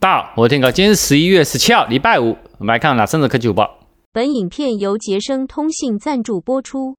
大家好，我是天哥，今天是十一月十七號，禮拜五，我們來看，看哪三則科技午報。本影片由傑昇通信贊助播出。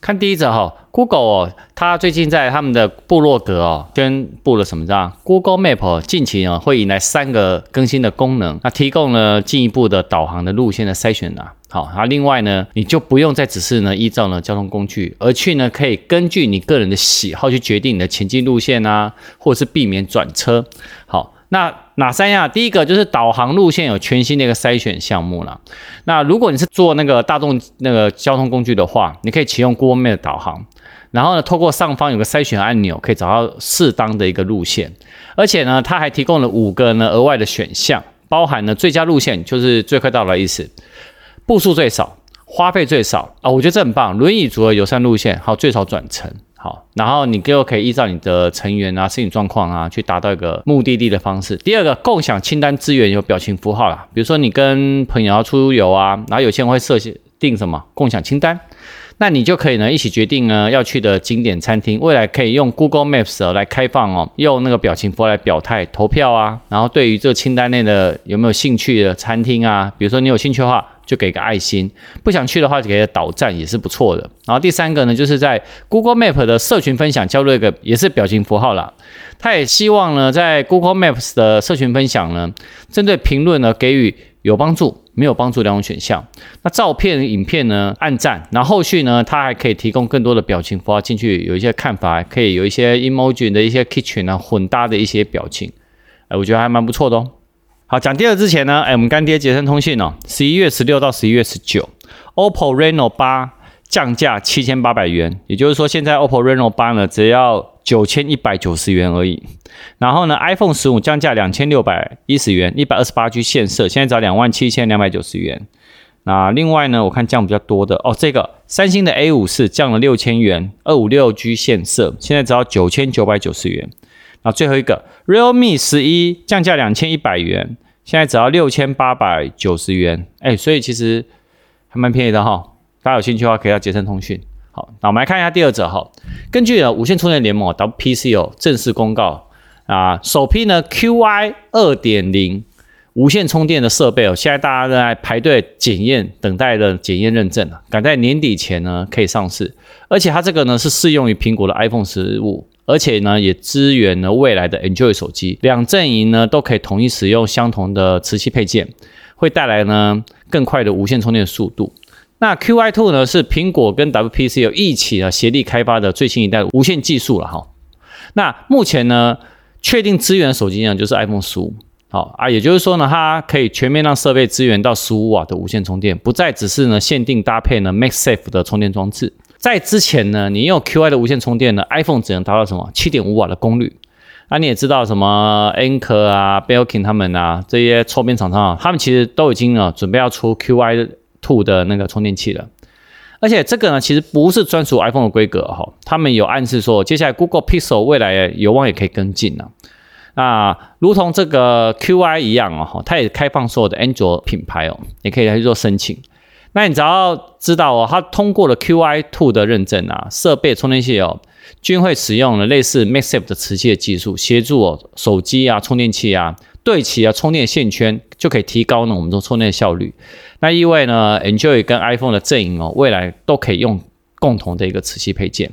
看第一則哈、哦、，Google、哦、它最近在他們的部落格哦，宣布了什麼這？這樣 Google Map 近期哦會引來三個更新的功能，那提供了進一步的導航的路線的篩選吶。好，那另外呢，你就不用再只是呢依照呢交通工具而去呢，可以根據你個人的喜好去決定你的前進路線啊，或是避免轉車。好。那哪三樣？第一個就是導航路線有全新的一個篩選項目啦。那如果你是坐那個大眾那個交通工具的話，你可以啟用 Google Maps 導航，然後呢，透過上方有個篩選按鈕，可以找到適當的一個路線。而且呢，它還提供了五個呢額外的選項，包含呢最佳路線，就是最快到達的意思，步數最少，花費最少啊、哦。我覺得這很棒。輪椅族的友善路線，還有最少轉乘。好，然後你就可以依照你的成員啊、身體狀況啊，去達到一個目的地的方式。第二個，共享清單資源有表情符號啦，比如說你跟朋友要出遊啊，然後有些人會設定什麼共享清單，那你就可以呢一起決定呢要去的景點餐廳。未來可以用 Google Maps 啊，來開放哦，用那個表情符號來表態投票啊。然後對於這個清單內的有沒有興趣的餐廳啊，比如說你有興趣的話。就給個愛心，不想去的話就給個倒讚也是不錯的。然後第三個呢，就是在 Google Map 的社群分享加入一個也是表情符號啦。他也希望呢，在 Google Maps 的社群分享呢，針對評論呢給予有幫助、沒有幫助的兩種選項。那照片、影片呢按讚，然後後續呢他還可以提供更多的表情符號進去，有一些看法可以有一些 emoji 的一些 kitchen 啊混搭的一些表情，哎，我覺得還蠻不錯的哦。好，講第二之前呢，哎、欸，我們乾爹傑昇通信哦，喔，十一月十六到十一月十九，OPPO Reno 八降價七千八百元，也就是說，現在 OPPO Reno 八呢，只要九千一百九十元而已。然後呢，iPhone 十五降價兩千六百一十元，一百二十八 G 限色，現在只要兩萬七千兩百九十元。那另外呢，我看降比較多的哦，這個三星的 A54 降了六千元，二五六 G 限色，現在只要九千九百九十元。啊，然後最後一個 Realme 十一降價兩千一百元，現在只要六千八百九十元，哎，所以其實還蠻便宜的哈、哦。大家有興趣的話，可以到傑昇通訊。好，那我們來看一下第二則哈、哦。根據呢無線充電聯盟 WPC 哦正式公告啊，首批呢 Qi 二點零無線充電的設備哦，現在大家正在排隊檢驗，等待的檢驗認證，趕在年底前呢可以上市，而且它這個呢是適用於蘋果的 iPhone 十五。而且呢，也支援了未來的 Android 手機，兩陣營呢都可以統一使用相同的磁吸配件，會帶來呢更快的無線充電速度。那 Qi Two 呢是蘋果跟 WPC 一起呢協力開發的最新一代無線技術了哈。那目前呢確定支援的手機呢就是 iPhone 十五，好啊，也就是說呢它可以全面讓設備支援到十五瓦的無線充電，不再只是呢限定搭配呢 MagSafe 的充電裝置。在之前呢，你用 Qi 的無線充電呢，iPhone 只能達到什麼七點五瓦的功率。啊，你也知道什麼 Anker 啊、Belkin 他們啊這些周邊廠商啊，他們其實都已經啊準備要出 Qi Two 的那個充電器了。而且這個呢，其實不是專屬 iPhone 的規格哈、哦，他們有暗示說，接下來 Google Pixel 未來有望也可以跟進呢、啊。那、啊、如同這個 Qi 一樣哦，它也開放所有的安卓品牌哦，也可以來去做申請。那你只要知道哦，它通過了 QI Two 的認證啊，設備充電器哦，均會使用了類似 MagSafe 的磁吸的技術，協助哦手機啊、充電器啊對齊啊充電線圈，就可以提高呢我們的充電效率。那意味呢，Android 跟 iPhone 的陣營哦，未來都可以用共同的一個磁吸配件。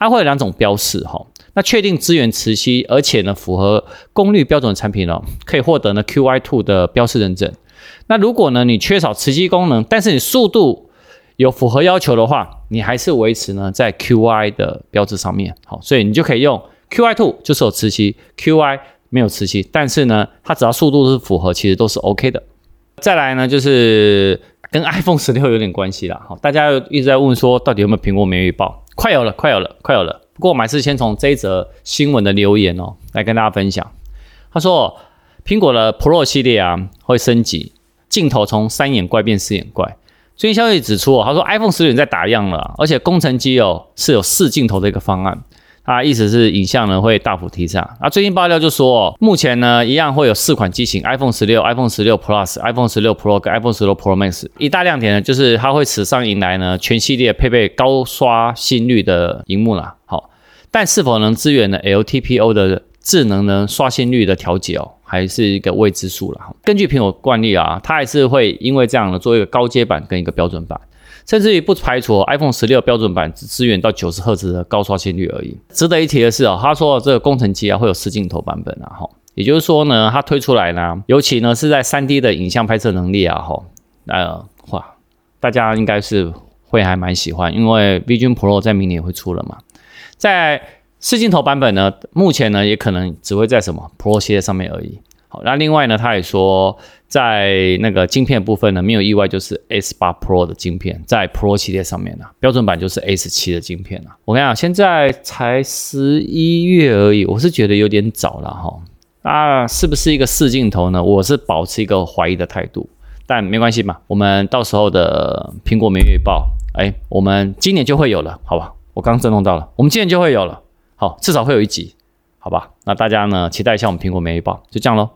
它、啊、會有兩種標識哈、哦，那確定支援磁吸，而且呢符合功率標準的產品哦，可以獲得呢 QI Two 的標示認證。那如果呢，你缺少磁吸功能，但是你速度有符合要求的話，你還是維持呢在 QI 的標志上面。好，所以你就可以用 QI Two 就是有磁吸，QI 沒有磁吸，但是呢，它只要速度是符合，其實都是 OK 的。再來呢，就是跟 iPhone 十六有點關係啦。好，大家一直在問說到底有沒有蘋果每月報，快有了，快有了，快有了。不過我還是先從這一則新聞的留言哦來跟大家分享。他說蘋果的 Pro 系列啊會升級。鏡頭從三眼怪變四眼怪。最近消息指出哦，他說 iPhone 十六已經在打樣了，而且工程機哦是有四鏡頭的一個方案。他、啊、意思是影像呢會大幅提升。啊，最近爆料就說哦，目前呢一樣會有四款機型：iPhone 十六、iPhone 十六 Plus、iPhone 十六 Pro 跟 iPhone 十六 Pro Max。一大亮點呢就是它會史上迎來呢全系列配備高刷新率的屏幕啦。好，但是否能支援呢 LTPO 的智能呢刷新率的調節哦？還是一個未知數了哈。根據蘋果慣例啊，它還是會因為這樣的做一個高階版跟一個標準版，甚至於不排除 iPhone 十六標準版只支援到九十赫茲的高刷新率而已。值得一提的是啊，哦，他說這個工程機啊會有四鏡頭版本啊哈，也就是說呢，它推出來呢，尤其呢是在三 D 的影像拍攝能力啊哈，呃，哇，大家應該是會還蠻喜歡，因為 Vision Pro 在明年會出了嘛，在。四鏡頭版本呢？目前呢，也可能只會在什麼 Pro 系列上面而已。好，那另外呢，他也說在那個晶片部分呢，沒有意外就是 S8 Pro 的晶片在 Pro 系列上面了，標準版就是 S7 的晶片了。我跟你講，現在才十一月而已，我是覺得有點早了哈。那、哦啊、是不是一個四鏡頭呢？我是保持一個懷疑的態度，但沒關係嘛，我們到時候的蘋果每月報，哎，我們今年就會有了，好吧？我剛剛正弄到了，我們今年就會有了。好，至少會有一集，好吧？那大家呢？期待一下我們《蘋果每日一報》，就這樣嘍。